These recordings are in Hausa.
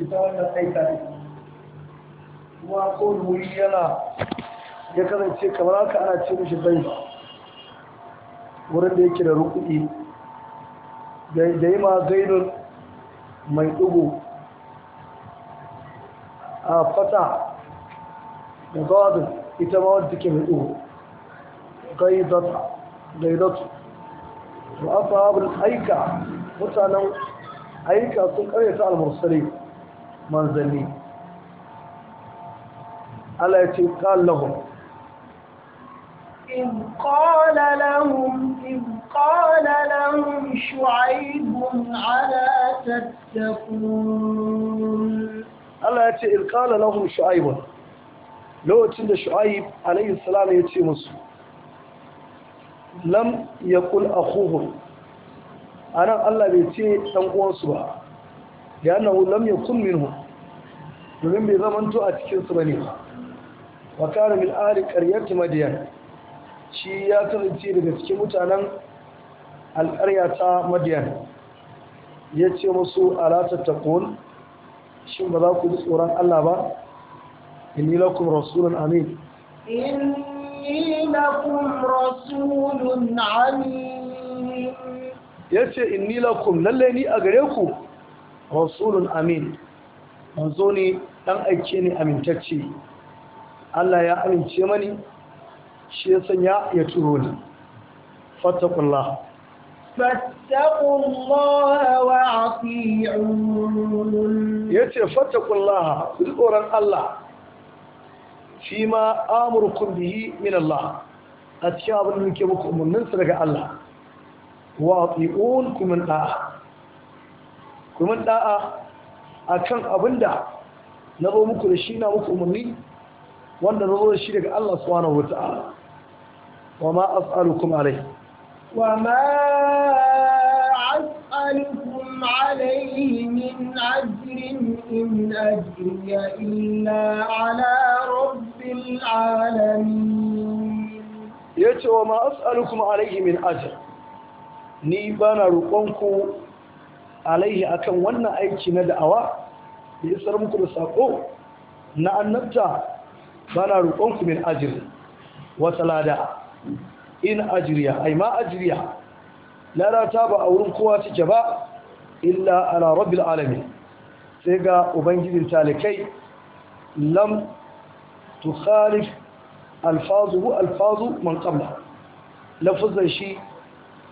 ita wannan aika ne kuma ko wuri ya ya kasance kamar haka ana ce mishi bai wurin da yake da rukudi da yi ma zainun mai dugu a fata da zawadin ita ma wadda take mai dugu gaidatu to ashabul aika mutanen aika sun karyata al-mursalin manzanni Allah ya ce qallahum إذ قال لهم إذ قال لهم شعيب على تتقون Allah ya ce ilkala lahum shu'aibun lokacin da shu'aib alayhi salam ya ce musu lam yakul akhuhum anan Allah bai ce dan uwansu ba ya annahu lam yakun minhum domin bai zamanto a cikinsu ba ne wa kare min ahli ƙaryar madiyan shi ya kasance daga cikin mutanen alƙarya ta madiyan ya ce musu alata taqul shi ba za ku ji tsoron Allah ba inni lakum rasulun amin inni lakum rasulun amin Ya ce inni lakum lallai ni a gare ku rasulun amin manzo ne ɗan aike ne amintacce Allah ya amince mani shi ya sanya ya turo ni fattakullah fattakullah wa yace fattakullah ku tsoron Allah shi ma Amurkun bihi min Allah a cikin abin da muke muku umarninsa daga Allah wa ati'un kumin da'a kumin da'a akan abin da na muku da shi na muku umarni wanda na da shi daga Allah subhanahu wa ta'ala wa ma as'alukum alayhi. wa ma as'alukum alayhi min ajrin in ajriya illa ala rabbil alamin yace wa ma as'alukum alayhi min ajr ni bana roƙonku alaihi akan wannan aiki na da'awa da isar muku da sako na annabta bana roƙonku min ajiri wata lada in ajiriya ai ma ajiriya lalata ba a wurin kowa cike ba illa ala rabbil alamin sai ga ubangijin talikai lam tukhalif alfazuhu alfazu man qabla Lafuzan shi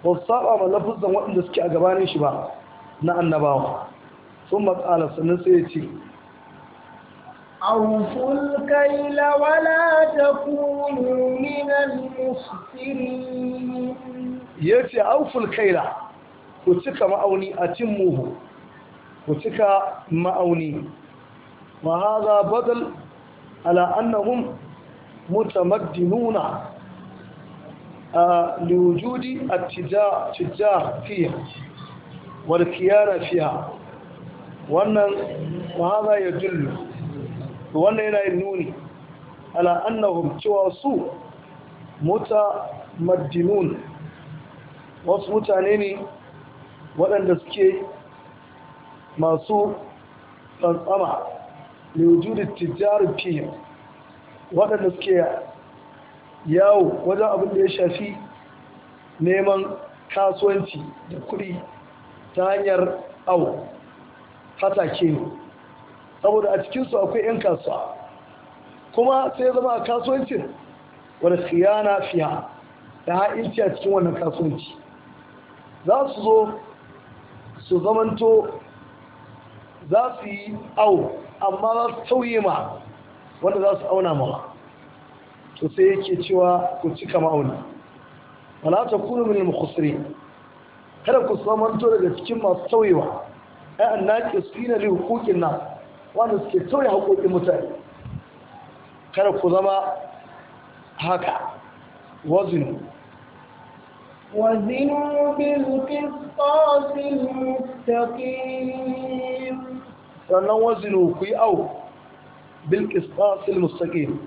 ba saba ma lafuzan waɗanda suke a gabanin shi ba na annabawa ثم قال سنسيتي أوفوا الكيل ولا تكونوا من المخسرين يتي أوفوا الكيل وتك مأوني أتموه وتك مأوني وهذا بدل على أنهم متمدنون آه، لوجود التجار فيها والكيانة فيها wannan wa ya dullu wannan yana yin nuni ala annahum cewa su muta maddinun wasu mutane ne waɗanda suke masu tsantsama da wujudu tijjarin fiye waɗanda suke yawo wajen abin da ya shafi neman kasuwanci da kuɗi ta hanyar awo Fata ke ne saboda a cikinsu akwai 'yan kasuwa kuma sai zama a kasuwancin wadda na fiya da ha'inci a cikin wannan kasuwanci za su zo su zamanto za su yi au amma za su tauye ma wanda za su auna ma. to sai yake cewa ku cika ma'auni wala ta kunu min al kada ku zamanto daga cikin masu tauyewa ai annaki sina ne hukukin nan, wanda suke tsori hukukin mutane kada ku zama haka wazinu وزنوا بالقصاص المستقيم sannan wazinu ku yi au bilkistasil mustaƙim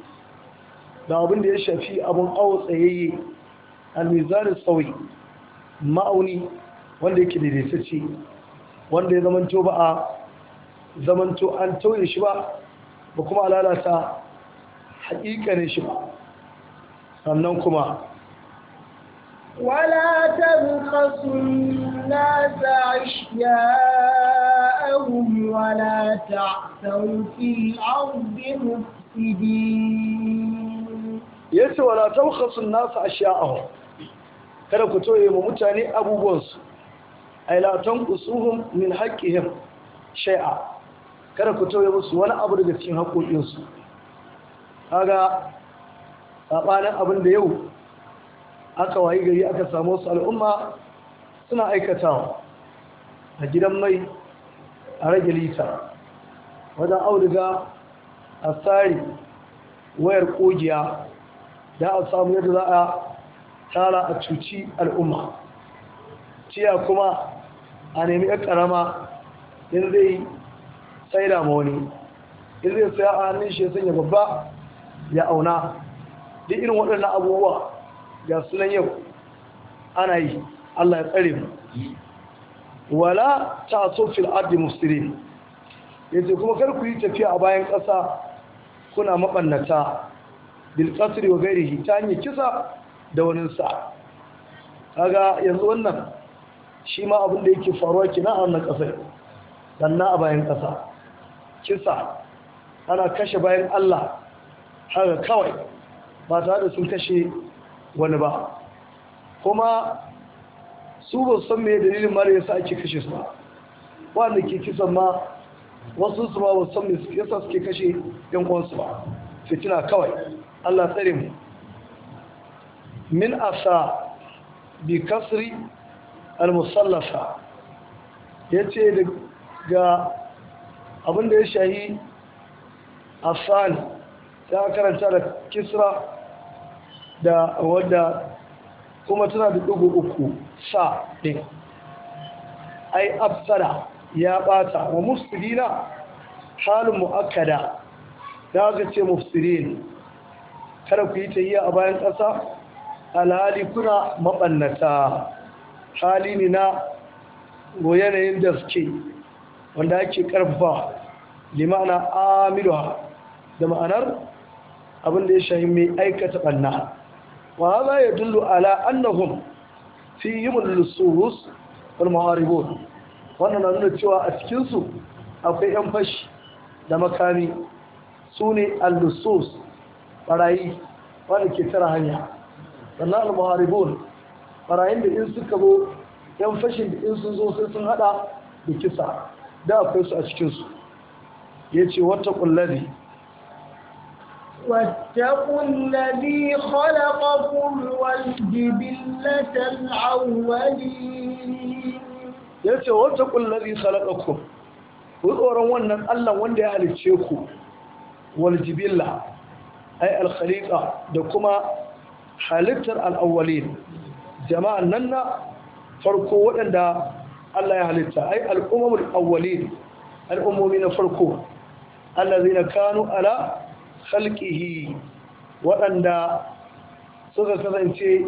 da abin da ya shafi abin au tsayayye almizanin tsawai ma'auni wanda yake daidaitacce wanda ya zamanto ba a zamanto an tauye shi ba ba kuma lalata ne shi ba sannan kuma ولا تبخسوا الناس أشياءهم ولا تعثوا في الأرض مفسدين يسوى ولا تبخسوا الناس أشياءهم kada ku toye mu mutane abubuwansu ailaton la tanqusuhum min haƙƙihim shai'a, kada ku tauye musu wani abu daga cikin haƙoƙinsu, su kaga abin da yau aka wayi gari aka samu wasu al'umma suna aikatawa a gidan mai a rage lita wajen auduga a tsari wayar ƙogiya, da a samu yadda za a tara a cuci al'umma ciya kuma a nemi ya karama in zai sai da wani in zai saya a hannun shi ya sanya babba ya auna duk irin waɗannan abubuwa ga sunan yau ana yi Allah ya tsare mu wala ta so fil ardi muslimin yace kuma kar ku yi tafiya a bayan ƙasa kuna mabannata bil qasri wa ghairihi ta hanyar kisa da wani sa kaga yanzu wannan shi ma abin da yake faruwa kina a wannan ƙasar sannan a bayan ƙasa kisa ana kashe bayan Allah haka kawai ba tare da sun kashe wani ba kuma su ba san me dalilin mara yasa ake kashe su ba wanda ke kisan ma wasu su ba ba san me yasa suke kashe yan uwansu ba fitina kawai Allah tsare mu min asa bi kasri al-musallasa yace daga abin da ya shahi afsal ta karanta da kisra da wadda kuma tana da dubu uku sa din ai afsala ya bata wa mufsidina halin muakkada da aka ce mufsirin kada ku yi yi a bayan ƙasa alhali kuna maɓannata hali ne na go yanayin da suke wanda ake karfafa limana amiruha da ma'anar abinda ya shahi mai aikata ɓanna wa hadha dullu ala annahum fihim al-lusus wal muharibun wannan na nuna cewa a cikinsu akwai yan fashi da makami sune al-lusus barayi wanda ke tara hanya sannan al-muharibun barayin da in suka zo yan fashin da in sun zo sai sun hada da kisa da akwai su a cikinsu ya ce wata kulladi واتقوا الذي خلقكم والجبلة الأولين yace wattaqul ladhi khalaqakum ku tsoron wannan Allah wanda ya halicce ku wal jibilla ay al da kuma halittar al jama'an nan na farko waɗanda Allah ya halitta ai al'ummul awwalin al'ummomi na farko allazina kanu ala khalqihi waɗanda suka kasance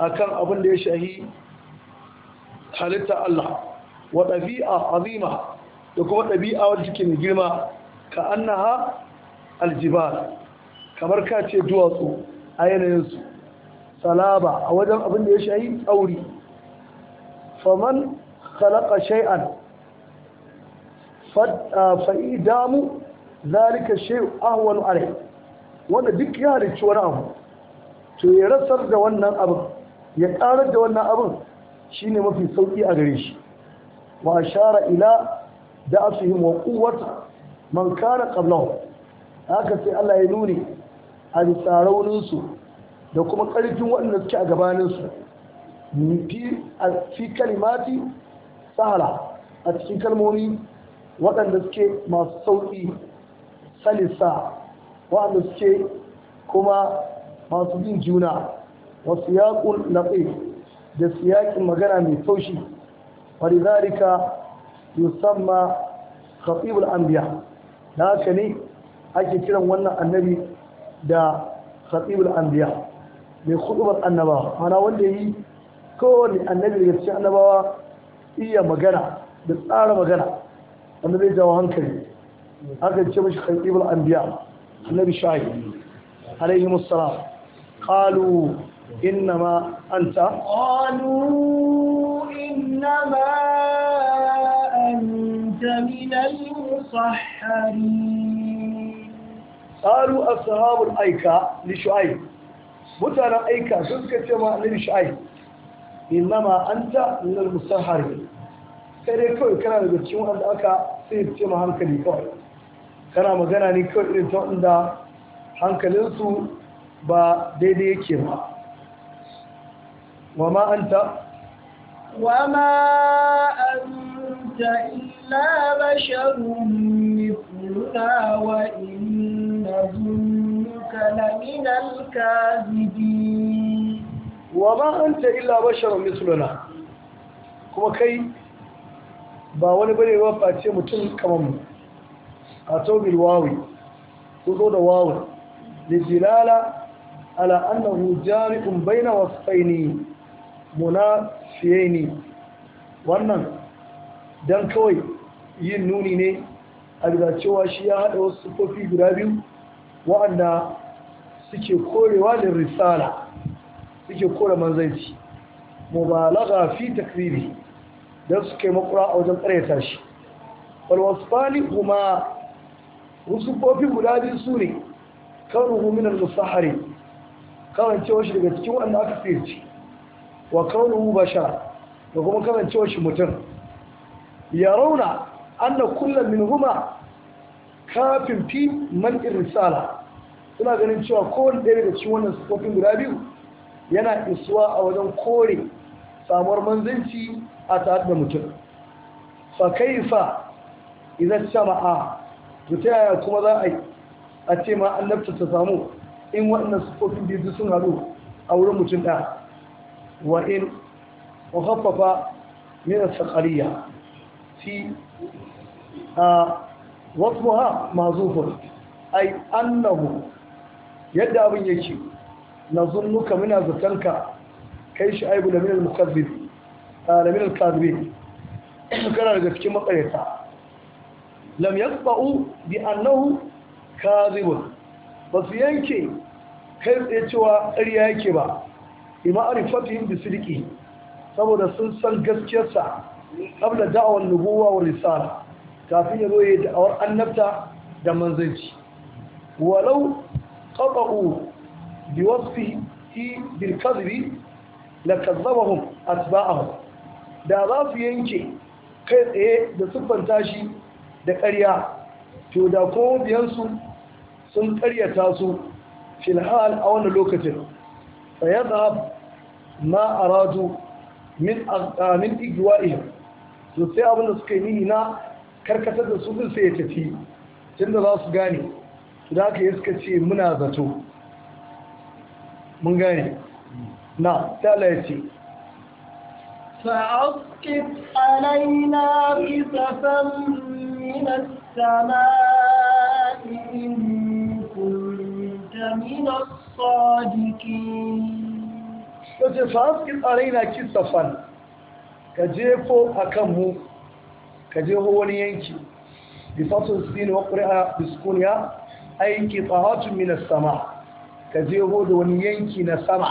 akan abin da ya shahi halitta Allah wa ɗabi'a azima da kuma ɗabi'a wadda take mai girma ka annaha aljibal kamar ka ce duwatsu a yanayinsu salaba a wajen abin da ya shayi tsauri faman khalaqa shay'an ah, fa'idamu zalika shay'u ahwanu alai wanda duk ya halicci wani abu to ya rasar da wannan abin ya karar da wannan abin shine mafi sauki a gare shi wa ashara ila da'afihim wa quwwata man kana qablahum haka sai Allah ya nuni a tsaraunin da kuma ƙarfin waɗanda suke a gabaninsu fi kalimati sahala a cikin kalmomi waɗanda suke masu sauƙi salisa waɗanda suke kuma masu bin juna wasu yaƙun laɓe da yaƙin magana mai taushi wani zarika yusamma khatibul anbiya da haka ne ake kiran wannan annabi da khatibul anbiya من خطبة النبا أنا ولي كل النبي يفتح النبا هي مجنع بالطارة مجنع النبي جوهان كريم أكيد شبش خطيب الأنبياء النبي شاهد عليهم السلام قالوا إنما أنت قالوا إنما أنت من المصحرين قالوا أصحاب الأيكاء لشعيب mutanen aika sun suka ce ma annabi shu'aib innama anta min al-musahhar sai dai kawai kana daga cikin wanda aka sai ce ma hankali kawai kana magana ne kawai irin ta wanda hankalinsu ba daidai yake ba wa ma anta wa ma anta illa basharun mithluna wa inna لمن الكاذبين وما illa إلا بشر kuma kai ba wani bane ba face mutum kamar mu a tawbil wawi ko zo da wawi jilala ala annahu jami'un baina wasfaini munafiyaini wannan dan kawai yin nuni ne a cewa shi ya haɗa wasu kofi guda biyu wa'anda suke korewa da risala suke kore manzanci mubalaga fi takriri don suke makura a wajen tashi shi walwasfani kuma rusufofi guda biyu su ne kan ruhuminar musahari karancewa shi daga cikin wanda aka fiye wa kan ruhu bashar da kuma karancewa shi mutum ya rauna an da kullum min huma kafin fi man tsala. suna ganin cewa kowane ɗaya daga cikin wannan sufofin guda biyu yana isuwa a wajen kore samuwar manzanci a tare da mutum fa kai fa idan sama'a to ta yaya kuma za a ce ma annabta ta samu in waɗannan sufofin biyu sun haɗu a wurin mutum ɗaya wa in muhaffafa min as fi a wasmuha mazufun ai annahu yadda abin yake na zunnuka muna zatanka kai shi aibu da minal mukazzib a da minal kazbi kana daga cikin matsayata lam tsau bi annahu kazibun ba su yanke kai tsaye cewa ƙarya yake ba ima arifatihim bi sidiki saboda sun san gaskiyarsa qabla da'awar nubuwa wa risala kafin ya zo da'awar annabta da manzanci walau قطعوا بوصفه بالكذب لكذبهم أتباعهم da za su yanke kai tsaye da siffanta shi da ƙarya to da kuma biyansu sun ƙaryata su filhal a wani lokacin fa ya za ma a ratu min igwa'ihim to sai abin da suka yi na karkatar da su din sai ya tafi tunda za su gane su da yi suka ce muna zato mun gani na tala ya ce فأسقط علينا كسفا من السماء إن كنت من الصادقين kace fa'askin alaina kisafan ka je jefo akan mu ka jefo wani yanki bi fasul sin wa qira'a biskuniya aiki tsaratun minas sama ka jeho da wani yanki na sama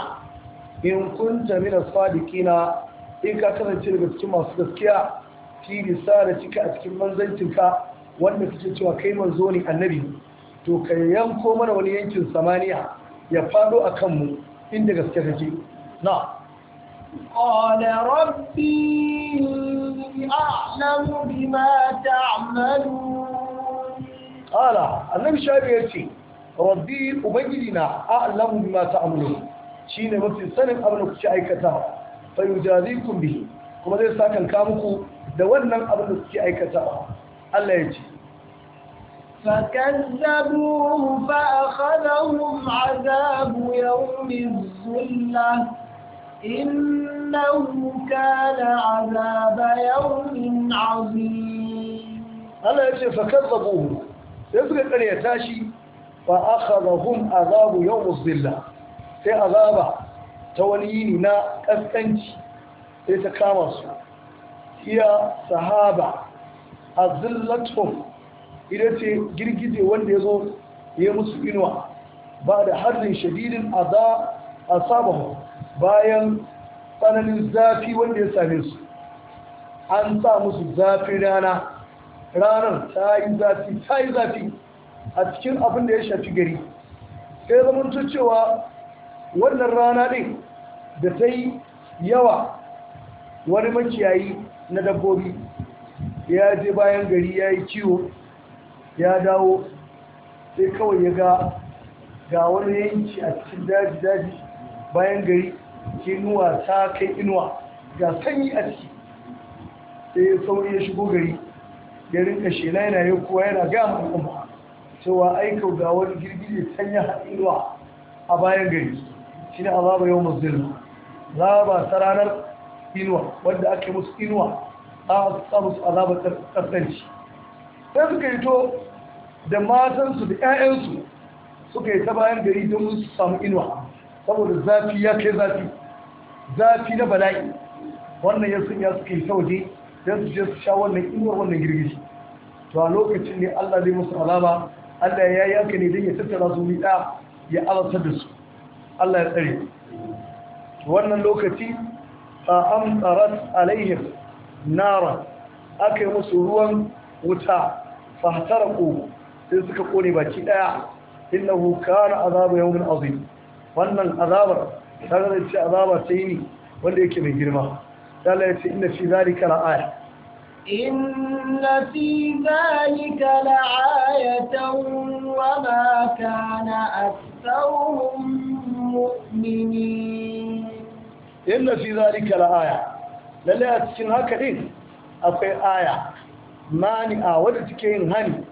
in kunta minas na, in ka kasance daga cikin masu gaskiya fi da cika a cikin manzancinka wanda kake cewa kai manzo ne annabi to ka yanko mana wani yankin samaniya ya fado a kanmu inda gaske kake na قال ربي أعلم بما تعملون qala annabi shafi ya ce rabbi ubangiji na a'lamu bima ta'malu shine mafi sanin abin da kuke aikata fa yujazikum bihi kuma zai sa ka muku da wannan abin da kuke aikata Allah ya ce فكذبوه فأخذهم عذاب يوم الظلة إنه كان عذاب يوم عظيم الله يقول فكذبوه sai suka karyata tashi fa akhadhahum azabu yawm zilla sai azaba ta wani yini na kaskanci sai ta kama su iya sahaba azillatum ita ce girgije wanda ya zo ya musu inuwa ba da harin shadidin azab asabahu bayan tsananin zafi wanda ya same su an sa musu zafin rana ranar ta yi zafi ta yi zafi a cikin abin da ya shafi gari sai zaman cewa wannan rana ɗin da ta yi yawa wani makiyayi na dabbobi ya je bayan gari ya yi ciwo, ya dawo sai kawai ya ga ga wani yanki a cikin daji daji bayan gari kinuwa ta kai inuwa ga sanyi a ciki sai ya sauri ya shigo gari ya rinka shela yana yi kowa yana ga al'umma cewa aikau ga wani girgije can ya haɗewa a bayan gari shi ne azaba yau musulun ba ta ranar inuwa wadda ake musu inuwa a samu su azaba ƙasƙanci sai suka yi to da matansu da 'ya'yansu suka yi ta bayan gari don su samu inuwa saboda zafi ya kai zafi zafi na bala'i wannan ya sun ya suka ta waje dan su je su sha wannan inuwar wannan girgishi to a lokacin ne Allah zai musu azaba Allah ya yanka ne dan ya tattara su ni ɗaya, ya azabtar da su Allah ya tsare wannan lokaci fa amtarat alaihim nara aka yi musu ruwan wuta fahtaraku sai suka kone baki daya innahu kana azabu yawmin azim wannan azabar ta ce azaba yi ne wanda yake mai girma Allah ya ce a fi zalika la'aya inna fi zalika la'ayatan wa ma kana aktharuhum mu'minin inna fi zalika la'aya lalle a cikin haka ɗin akwai aya a wadda take yin hani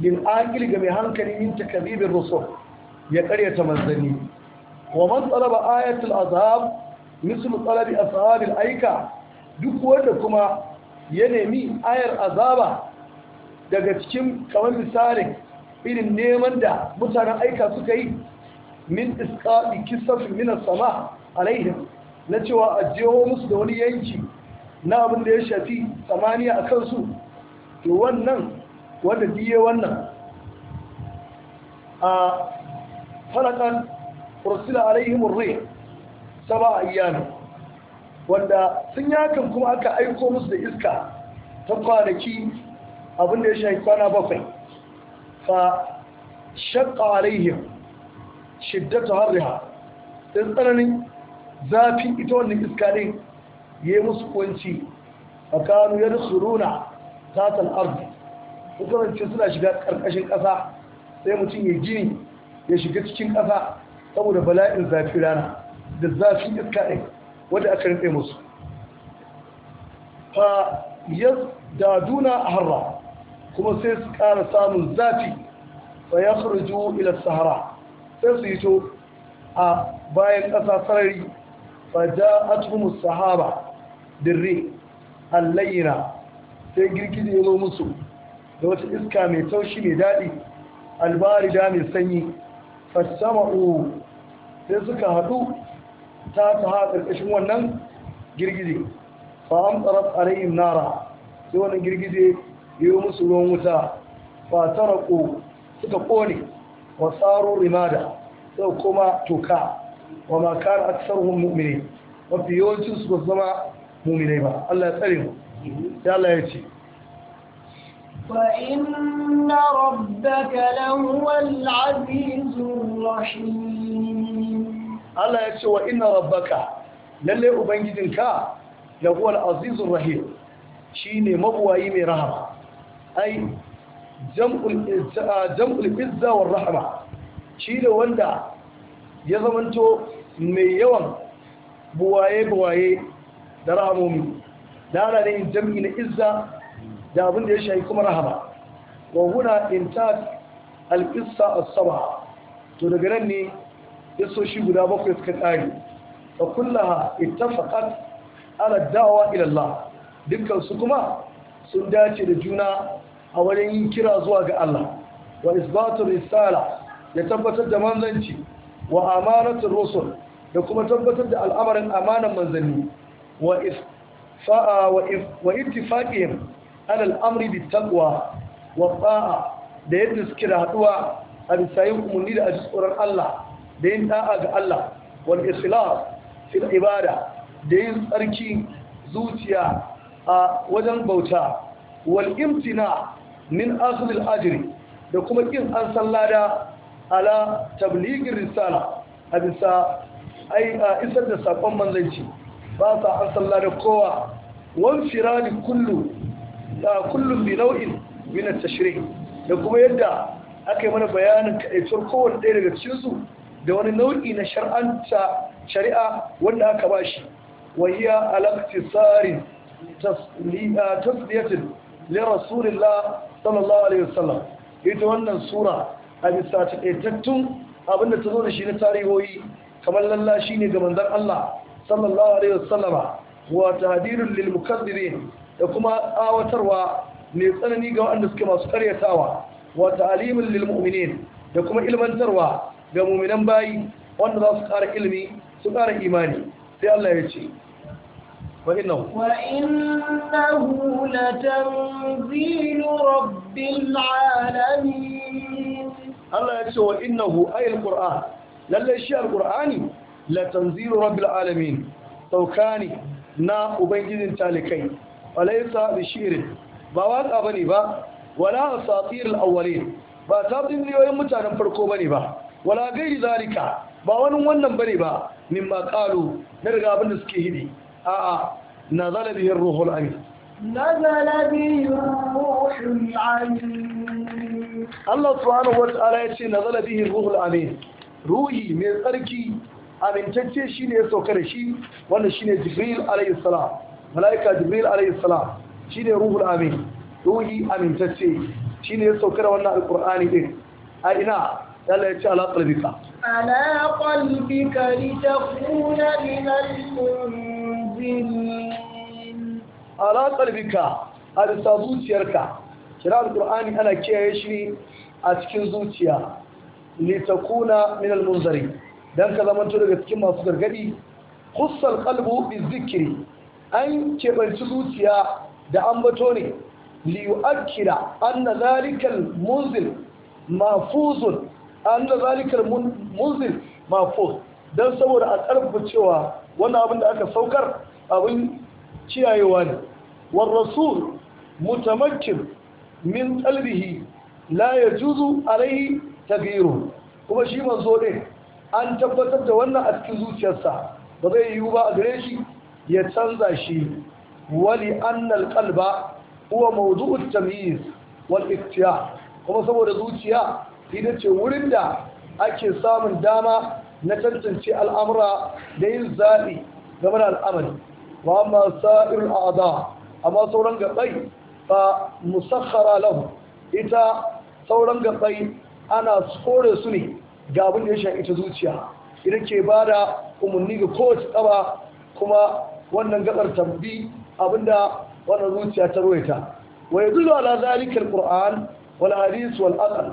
lil aqil ga mai hankali min takzibir rusul ya karyata manzanni wa man talaba ayatul azab mislu talabi ashabil aika duk wanda kuma ya nemi ayar azaba daga cikin kamar misalin irin neman da mutanen aika suka yi min isqabi kisaf min as-sama alaihim na cewa a musu da wani yanki na abin da ya shafi samaniya a kansu to wannan wanda diye wannan a falakan ursila alaihim ar-rih saba a ayyana wanda sun yakan kuma aka aiko musu da iska ta kwanaki abinda ya shayi kwana bakwai fa shakka alaihim shiddatu harriha sai tsananin zafi ita wannan iska din ya yi musu kunci a kanu ya rusuruna arzi suna shiga ƙarƙashin ƙasa sai mutum ya gini ya shiga cikin ƙasa saboda bala'in zafi rana da zafi iska ɗin wadda aka rinɗe musu fa ya daduna a harra kuma sai su ƙara samun zafi fa ya kurju ila sahara sai su yi to a bayan ƙasa sarari fa ja atumu sahara dirre allayina sai girgije ya musu da wata iska mai taushi mai daɗi da mai sanyi fasama'u sai suka haɗu ta ta ha ƙarƙashin wannan girgije fa amtarat alaihim nara sai wannan girgije yayi musu ruwan wuta fa ko suka kone wa tsaro rimada sau kuma toka wa ma kana aktsaruhum mu'minin mafi yawancin su ba zama mu'minai ba Allah ya tsare mu sai Allah ya ce وإن ربك لهو العزيز الرحيم Allah ya ce wa ina rabbaka lalle ubangijinka da huwa al-azizur Shi ne mabuwayi mai rahama ai jam'ul izza wa rahama shine wanda ya zamanto mai yawan buwaye buwaye da rahamomi da ana ne jam'i na izza da abin da ya shayi kuma rahama wa huna intat al-qissa as-sab'a to daga nan ne yasoshi guda bakwai suka kare fa kullaha ittafaqat ala da'wa ila Allah dukkan su kuma sun dace da juna a wajen yin kira zuwa ga Allah wa isbatu risala ya tabbatar da manzanci wa amanatu rusul da kuma tabbatar da al'amarin amanan manzanni wa fa'a wa ittifaqihim ala al'amri bit taqwa wa ta'a da yadda suke da haduwa a bisa yin umarni da ajiyar Allah da yin da'a ga Allah wal islam fil ibada da yin tsarki zuciya a wajen bauta wal imtina min aslil ajri da kuma kin an sallada ala tabligin risala a bisa a isar da sakon manzanci ba sa an sallada kowa wan firani kullu da kullum bi nau'in min at-tashri' da kuma yadda aka yi mana bayanin kaifar kowanne ɗaya daga cikin su da wani nau'i na shar'anta shari'a wanda aka shi. wahiya al-iqtisarin tasliyatin li rasulillah sallallahu alaihi wasallam ita wannan sura a bisa takaitattun abinda ta zo da shi na tarihoyi kamar lalla ne ga manzan Allah sallallahu alaihi wasallama wa tahdirul lil mukazzirin da kuma awatarwa mai tsanani ga waɗanda suke masu karyatawa wa ta'alimin lil mu'minin da kuma ilmantarwa ga muminan bayi wanda za su ƙara ilimi su ƙara imani sai Allah ya ce وإنه وإنه لتنزيل رب العالمين الله يقول وإنه أي القرآن للي الشيء القرآني لتنزيل رب العالمين توكاني نا أبنجد تالكين وليس بشير بواد أبني با ولا أساطير الأولين ba ta ɗin riwayoyin mutanen farko bane ba wala gairi zalika ba wani wannan bane ba min ma qalu na daga abin da suke hidi a a nazala bihi ruhul amin nazala bihi ruhul amin Allah subhanahu wa ta'ala ya ce nazala bihi ruhul amin ruhi mai tsarki amintacce shine ya sauka da shi wannan shine jibril alayhi salam malaika jibril alayhi salam shine ruhul amin ruhi amintacce shine ya sauka da wannan alqur'ani din a ina yalla ya ce ala qalbika ala qalbika litakuna min al-munzirin ala qalbika a bisa zuciyarka kira alqur'ani ana kiyaye shi a cikin zuciya litakuna min al-munzirin dan ka zamanto daga cikin masu gargadi khussal qalbu bizikri an kebanci zuciya da ambato ne liyu'akkira anna zalikal munzil mafuzun an da zalikar munzil mafus don saboda a ƙarfafa cewa wani abin da aka saukar abin ciyayewa ne war rasul mutamakkin min qalbihi la yajuzu alaihi taghyiru kuma shi manzo ne an tabbatar da wannan a cikin zuciyarsa ba zai yiwu ba a gare shi ya canza shi wali annal qalba huwa mawdu'ut tamyiz wal ikhtiyar kuma saboda zuciya ita ce wurin da ake samun dama na tantance al'amura da yin zaɓi game da al'amari wa amma sa'irin a'ada amma sauran gaɓai fa musakhara lahu ita sauran gaɓai ana kore su ne ga abin da ya sha ita zuciya Idan ke ba da umarni ga kowace ƙaba kuma wannan gaɓar tambi abinda wannan zuciya ta ruwaita wa yadullu ala zalika alquran wal hadith wal aql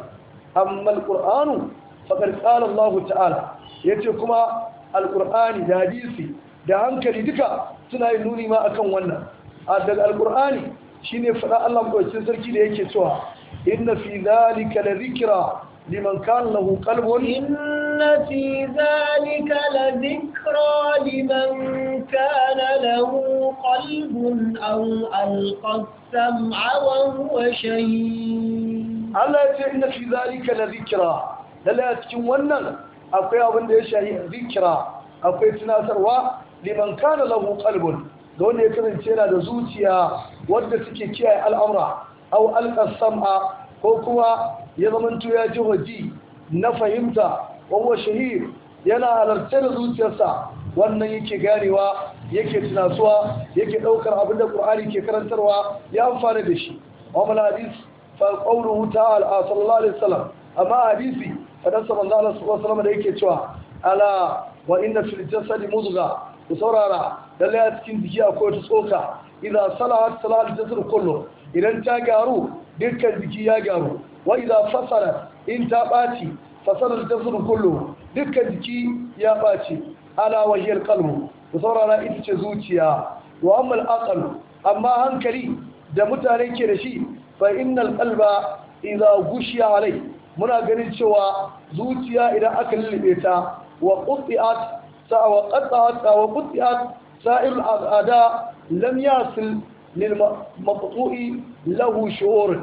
amma Alƙur'anu faqad qala Allah ta'ala yace kuma Alƙur'ani da hadisi da hankali duka suna yin nuni ma akan wannan a daga alqur'ani shine faɗa Allah madaukakin sarki da yake cewa inna fi dhalika la dhikra liman kana lahu qalbun inna fi dhalika la dhikra liman kana lahu qalbun aw alqa sam'a wa huwa shahid Allah ya ce inna fi zalika la zikra lalle a cikin wannan akwai abin da ya shahi zikra akwai tunatarwa liman kana lahu qalbun ga wanda ya kasance yana da zuciya wanda suke kiyaye al'amura aw sama, ko kuma ya zamanto ya ji waji na fahimta wa shahir yana halarce da zuciyarsa wannan yake ganewa yake tunasuwa yake daukar abin da Qur'ani ke karantarwa ya amfana da shi wa hadis qawluhu ta'ala sallallahu alaihi wasallam amma hadisi fadan sa manzo Allah sallallahu alaihi da yake cewa ala wa inna fil jasadi mudgha ku saurara lalle a cikin jiki akwai wata tsoka idan salahat salahat jasad kullu idan ta gyaru dukkan jiki ya gyaru wa idan fasara in ta ɓaci fasarar jasad kullu dukkan jiki ya ɓaci ala wahiyar kalmu ku saurara ita ce zuciya wa ammal amma hankali da mutane ke da shi fa innal qalba idza gushiya alai muna ganin cewa zuciya idan aka lullube ta wa qutiat sa wa wa qutiat sa'ir al'ada lam yasil lil maqtu'i lahu shu'ur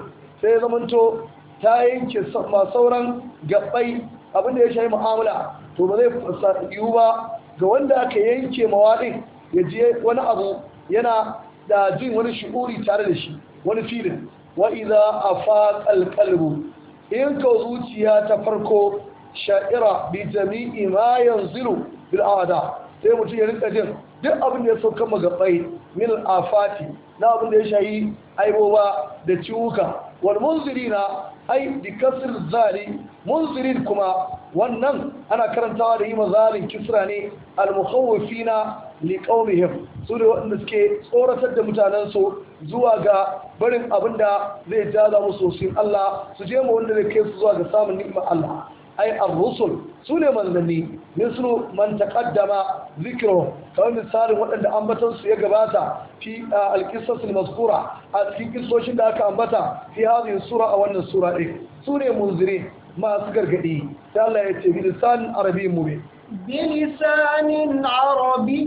sai zamanto ta yanke sauran gabbai abinda ya shayi mu'amala to ba zai yiwu ba ga wanda aka yanke mawaɗin ya je wani abu yana da jin wani shi'uri tare da shi wani filin wa idza afaqa alqalbu in ka zuciya ta farko sha'ira bi jami'i ma yanzilu bil a'da sai mutum ya rinka jin duk abin da ya sauka kama gabai min afati na abin da ya shayi aibowa da ciwuka wal munzirina ai bi kasr zali munzirin kuma wannan ana karantawa da yi mazalin kisra ne al mukhawfina liƙaunihim su ne waɗanda suke tsoratar da mutanensu zuwa ga barin abin da zai jaza musu sosin Allah su je mu wanda zai kai su zuwa ga samun ni'imar Allah ai ar-rusul su ne manzanni su man taqaddama zikro kamar misalin waɗanda ambatan su ya gabata fi al-qissas al-mazkura a cikin kissoshin da aka ambata fi hadhihi sura a wannan sura din su ne munzirin masu gargadi sai Allah ya ce bi lisan arabiyyin mubin بلسان عربي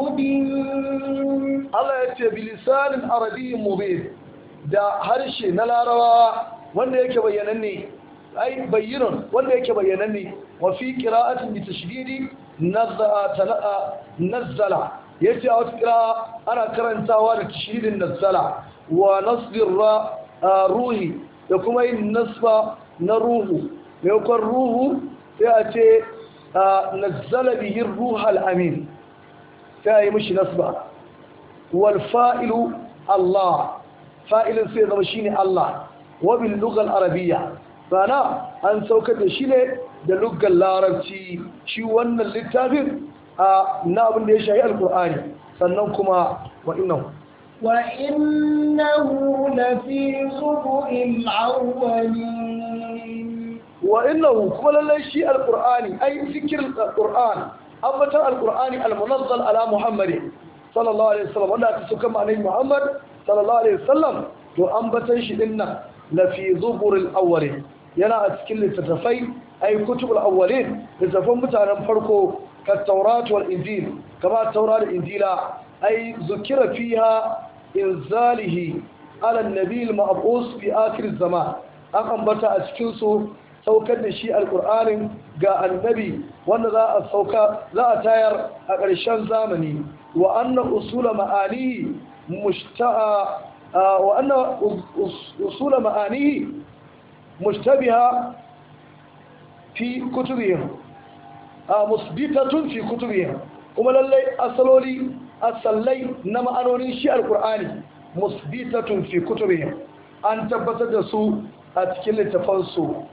مبين الله يتي بلسان عربي مبين da harshe na larawa wanda yake bayyananne ai bayyinan wanda yake bayyananne wa fi qira'atin bi tashdidi nazzala yace a wata qira'a ana karantawa da tashdidin nazzala wa nasbir ruhi da kuma yin nasba na ruhu maimakon ruhu sai a ce a bihi ruhal amin sai a yi mishi nasba wal fa'ilu Allah fa'ilin sai zama ne Allah wabin bil Arabiya arabiyya sana an saukar da shi ne da lughal larabci shi wannan littafin na abin da ya shahi alkur'ani sannan kuma wa innahu وإنه لفي زبر wa innahu kuma lallai shi alqur'ani ai zikir alqur'an ambatan alqur'ani almunazzal ala muhammad sallallahu alaihi wasallam wanda aka suka muhammad sallallahu alaihi wasallam to ambatan shi dinna nan la fi zuburil yana a cikin littattafai ai kutubul awwalin littattafan mutanen farko ka taurat wal injil kama taurat injila ai zukira fiha inzalihi ala nabi al-ma'bus fi akhir zaman an ambata a cikin su saukar da shi alƙur'anin ga annabi wanda za a sauka za a tayar a ƙarshen zamani wa anna usula ma'anihi mushta'a wa anna usula ma'anihi mushtabiha fi kutubihim a musbitatun fi kutubihim kuma lallai asaloli asallai na ma'anonin shi alƙur'ani musbitatun fi kutubihim an tabbatar da su a cikin littafansu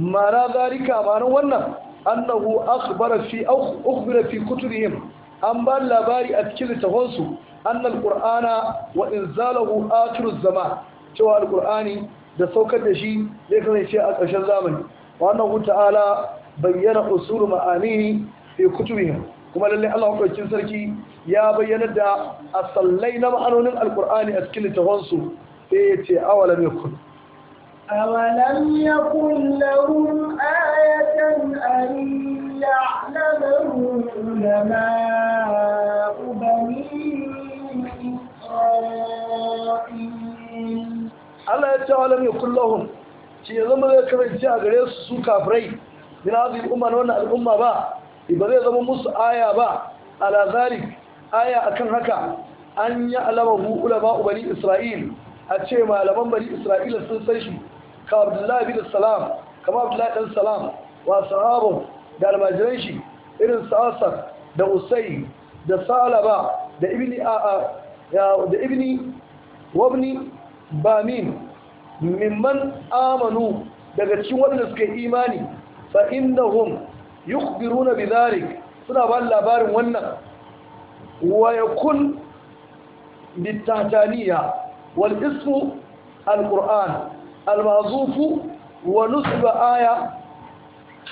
ma'ana zalika ma'ana wannan annahu akhbara fi ukhbira fi kutubihim an ba labari a cikin littafansu annal qur'ana wa inzalahu akhiruz zaman cewa alqur'ani da saukar da shi zai kasance a ƙarshen zamani wannan ta'ala bayyana usul ma'anihi fi kutubihim kuma lalle Allah hukuncin sarki ya bayyana da asallai na ma'anonin alqur'ani a cikin littafansu sai ya ce awalam yakun أولم يكن لهم آية أن يعلمه علماء بني Allah ya ce wa ya yakul ce ya zama zai karanci a gare su su kafirai min hadhihi umma na wannan al'umma ba ba zai zama musu aya ba ala zalik aya akan haka an yi alama hu ulama ubani isra'il a ce malaman bani isra'ila sun san ka abdullahi bin salam kama abdullahi dan salam wa sahabu da almajiran shi irin sa'asar da usai da salaba da ibni a'a da ibni wabni bamin mimman amanu daga cikin waɗanda suka yi imani fa innahum yukhbiruna bidhalik suna ba labarin wannan wa yakun bitataniya wal ismu alquran المعزوف ونصب آية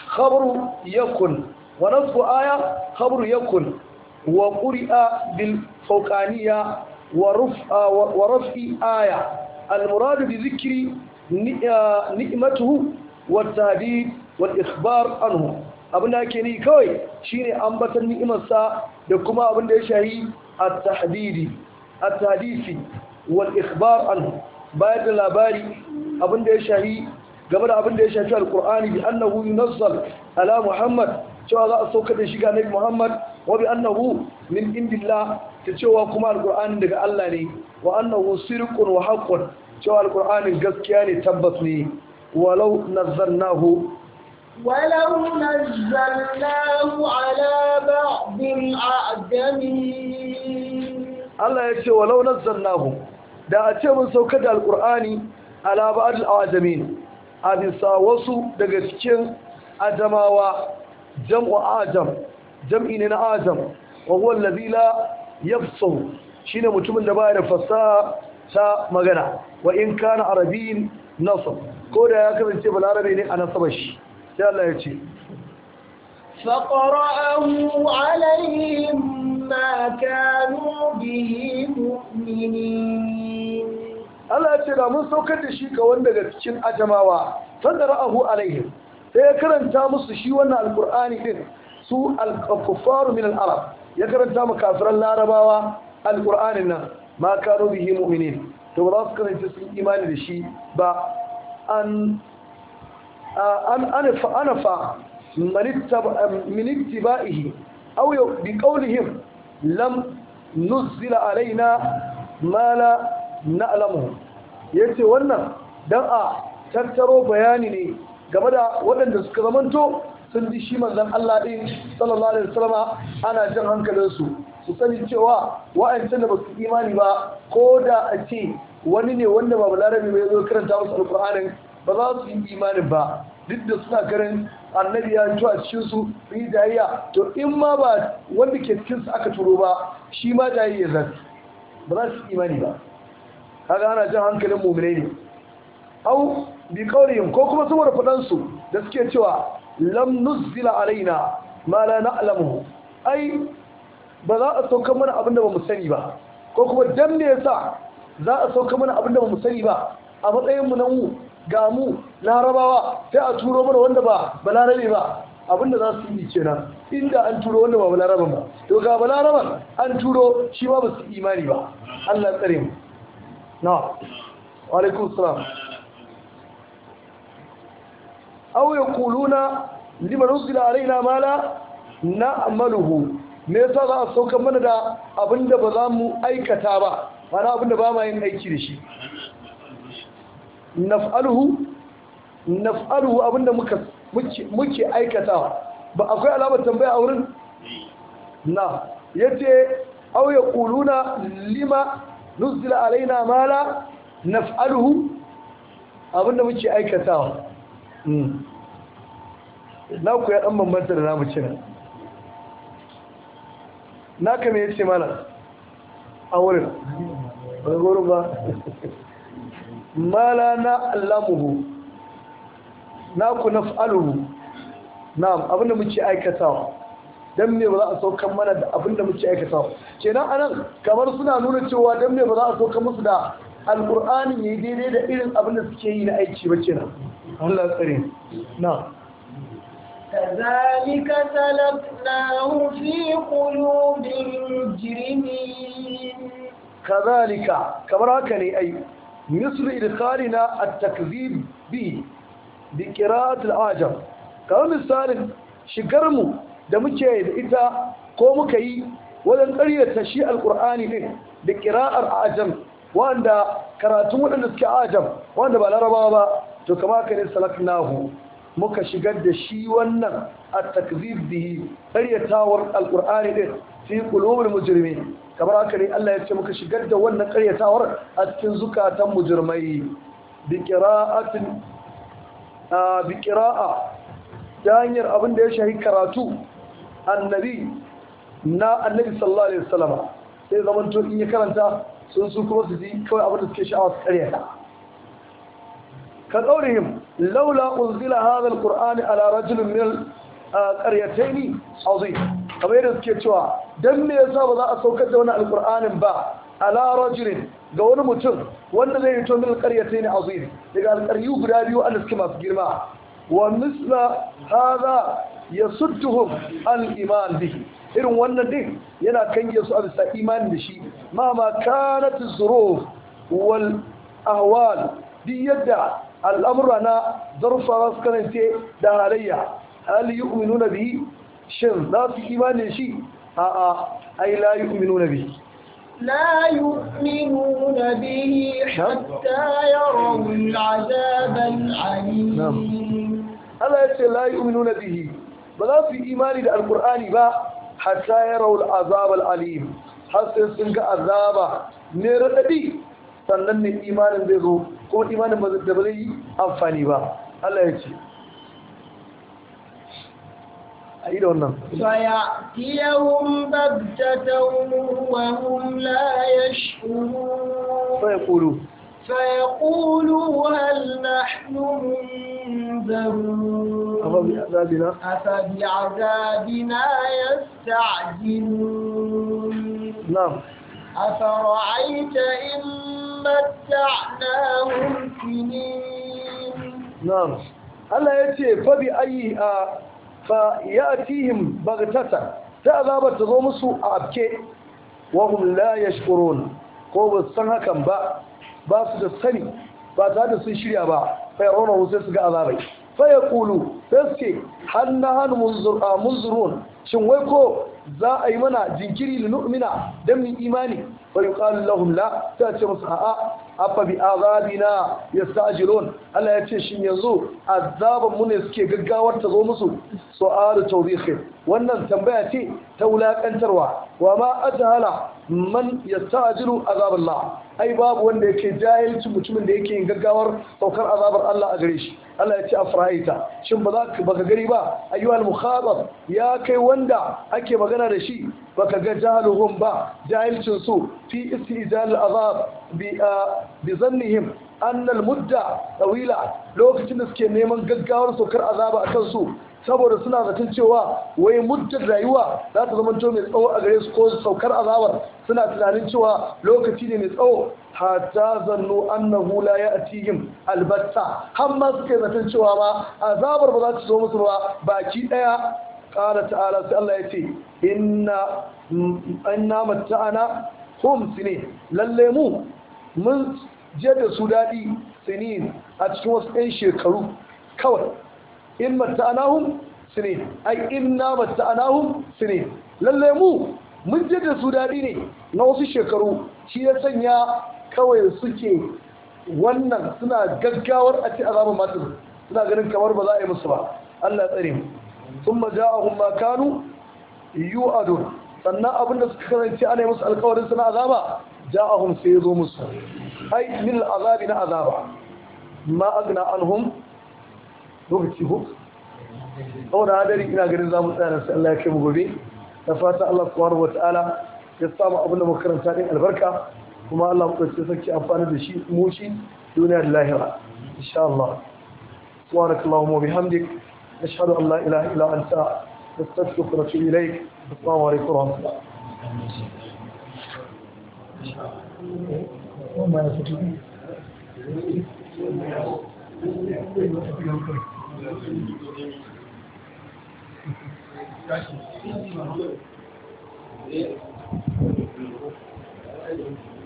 خبر يكن ونصب آية خبر يكن وقرئ بالفوقانية ورفع ورفع آية المراد بذكر آه، نعمته والتهديد والإخبار عنه abin da ake ni kawai shine ambatan ni'imarsa da kuma abin da ya shahi at-tahdidi at-tahdisi wal ikhbar anhu bayar da labari abin da ya shahi game da abin da ya shafi alqur'ani bi annahu yunazzal ala muhammad cewa za a sauka da shiga nabi muhammad wa bi annahu min indillah ta cewa kuma alqur'ani daga Allah ne wa annahu sirqun wa haqqun cewa alqur'ani gaskiya ne tabbas ne walau nazzalnahu ولو نزلناه على بعض الأعجمين الله يقول ولو نزلناه da a ce mun saukar da alkur'ani ala ba'd al a bisa wasu daga cikin ajamawa jam'u ajam jam'i ne na ajam wa huwa ya la shi shine mutumin da baya da fasaha ta magana wa in kana arabin nasab ko da ya kasance balarabe ne a nasabar shi sai Allah ya ce faqra'ahu alaihim ما كانوا به مؤمنين Allah ya ce da mun saukar da shi ka wanda daga cikin ajamawa fadara'ahu alaihim sai ya karanta musu shi wannan alqur'ani din su al-kuffaru min al-arab ya karanta mu kafiran larabawa alqur'anin nan ma kanu bihi mu'minin to ba su karanta sun imani da shi ba an an anfa anfa من اتباعه bi بقولهم lam nuzzila alaina na alamu. Ya ce wannan dan a tattaro bayani ne game da waɗanda suka zamanto sun ji shi manzon Allah ɗin, sallallahu alaihi wasallam ana jin hankalin su su sani cewa wa'ancan da ba su imani ba ko da a ce wani ne wanda ba balarabi ya zo karanta wasu alƙur'anin ba za su yi imanin ba duk da suna karin annabi ya fito a cikin su yi jayayya to in ma ba wanda ke cikin su aka turo ba shi ma jayayya za su ba za su imani ba kaga ana jan hankalin mu'minai ne au bi qaulihim ko kuma saboda fadan da suke cewa lam nuzila alaina ma la na'lamu ai ba za a sauka mana abin da ba mu sani ba ko kuma dan me yasa za a sauka mana abin da ba mu sani ba a matsayin mu na mu ga mu larabawa sai a turo mana wanda ba balarabe ba abinda za su yi kenan inda an turo wanda ba balaraban ba to ga balaraban an turo shi ba ba su imani ba Allah tsare mu na wa alaikum salam aw yaquluna liman usila alaina mala na na'maluhu me yasa za a saukan mana da abinda ba za mu aikata ba mana abinda ba ma yin aiki da shi naf'aluhu naf'aluhu abinda muka muke aikatawa ba akwai alamar tambaya a wurin na yace aw yaquluna lima nuzila alaina mala naf'aluhu abinda muke aikatawa hmm. na ku ya dan bambanta da namu cin na kame yace mana a wurin ba wurin ba Mala na alamuhu na ku na fa’aluhu na abinda muke aikatawa don me ba za a saukan mana da abinda muke aikatawa na anan kamar suna nuna cewa don me ba za a saukan musu da ya yi daidai da irin abinda suke yi na aiki ba kenan Allah tsare na'am كذلك سلكناه في قلوب المجرمين كذلك كما هكذا أي أيوه. مثل إدخالنا التكذيب به بقراءة العجم كما مثال شكرمو da muke da ita ko muka yi wajen ƙaryata shi alƙur'ani ɗin da ƙira'ar ajam wanda karatun waɗanda suke ajam wanda ba larabawa ba to kama ka ne salaknahu muka shigar da shi wannan a takzib bihi ƙaryatawar alƙur'ani ɗin fi qulubil mujrimin kamar haka ne Allah ya ce muka shigar da wannan karyatawar a cikin zukatan mujrimai bi qira'atin bi qira'a ta hanyar abin da ya shahi karatu annabi na annabi sallallahu alaihi wasallam sai zaman to in ya karanta sun su kuma su ji kawai abin da suke sha'awa su karyata ka daurihim laula unzila hadha alquran ala rajulin min alqaryatayn azim kamar yadda suke cewa dan me yasa ba za a saukar da wani alqur'anin ba ala rajulin ga wani mutum wanda zai fito min alqaryatayn azim daga alqaryu guda biyu an suke masu girma wa misla hadha yasudduhum al iman bihi irin wannan din yana kange su a bisa imani da shi ma ma kanat zuruf wal ahwal duk yadda al'amura na zarfa suka da halayya hal yu'minuna bihi shin za su imani shi a'a ai la nuna bihi لا bihi hatta حتى يروا العذاب alim Allah ya ce la yu'minuna bihi ba za su yi imani da alqur'ani ba hatta yarau al'azab al'alim har sai sun ga azaba ne raɗaɗi sannan ne imanin zai zo ko imanin da ba zai yi amfani ba Allah ya ce a yi da wannan fayatiyahum baghtatan wa hum la yash'urun fayaqulu فيقولوا هل نحن منذرون أفبعذابنا أفبعذابنا يستعجلون نعم أفرأيت إن متعناهم سنين نعم Allah ya ce fabi ayi a fa yatihim bagtata ta azaba ta zo musu a abke wa hum la yashkurun ko ba san hakan ba ba su da sani ba ta da sun shirya ba fa yarawna sai su ga azabai fa yaqulu sai ce hanna hanu munzurun shin wai ko za a yi mana jinkiri da nu'mina don mu imani fa yuqalu lahum la ta ce musu a'a afa bi azabina yastajilun Allah ya ce shin yanzu azabun mu ne suke gaggawar ta zo musu su'alu tawbihin wannan tambaya ce ta wulakantarwa wa ma ajhala man yastajilu azaballah ai babu wanda yake jahilci mutumin da yake yin gaggawar saukar azabar Allah a gare shi Allah ya ce afraita shin ba za ka baka gari ba al mukhabab ya kai wanda ake magana da shi baka ga jahaluhum ba jahilcin su fi istijal azab bi bi zannihim annal mudda tawila lokacin da suke neman gaggawar saukar azaba akan su saboda suna zaton cewa wai muddin rayuwa za ta zama mai tsawo a gare su ko saukar azabar suna tunanin cewa lokaci ne mai tsawo hatta zannu annahu la ya'tihim albatta har ma suke zaton cewa ma azabar ba za ta zo musu ba baki daya qala ta'ala sai Allah ya ce inna anna matta'ana hum ne. lalle mu mun je da su daɗi sinin a cikin wasu 'yan shekaru kawai in matta'anahum Sine. ai inna matta'anahum Sine. lalle mu mun ji da su daɗi ne na wasu shekaru shi ya sanya kawai suke wannan suna gaggawar a ci azabar matar suna ganin kamar ba za a yi musu ba Allah ya tsare mu sun ma ja'ahum ma kanu yu'adun sannan abinda suka karanci ana yi musu alkawarin suna azaba ja'ahum sai ya zo musu ai min azabi na azaba ma agna anhum lokaci ko saboda hadari ina ganin za mu tsaya da Allah ya kai mu gobe da fata Allah subhanahu wataala ya samu abin da muka karanta din albarka kuma Allah mu dace sarki amfani da shi mu shi duniya da lahira insha Allah subhanak allahumma wa bihamdik nashhadu an la ilaha illa anta nastaghfiruka wa natubu ilaik assalamu alaikum wa rahmatullah Thank you. Thank you.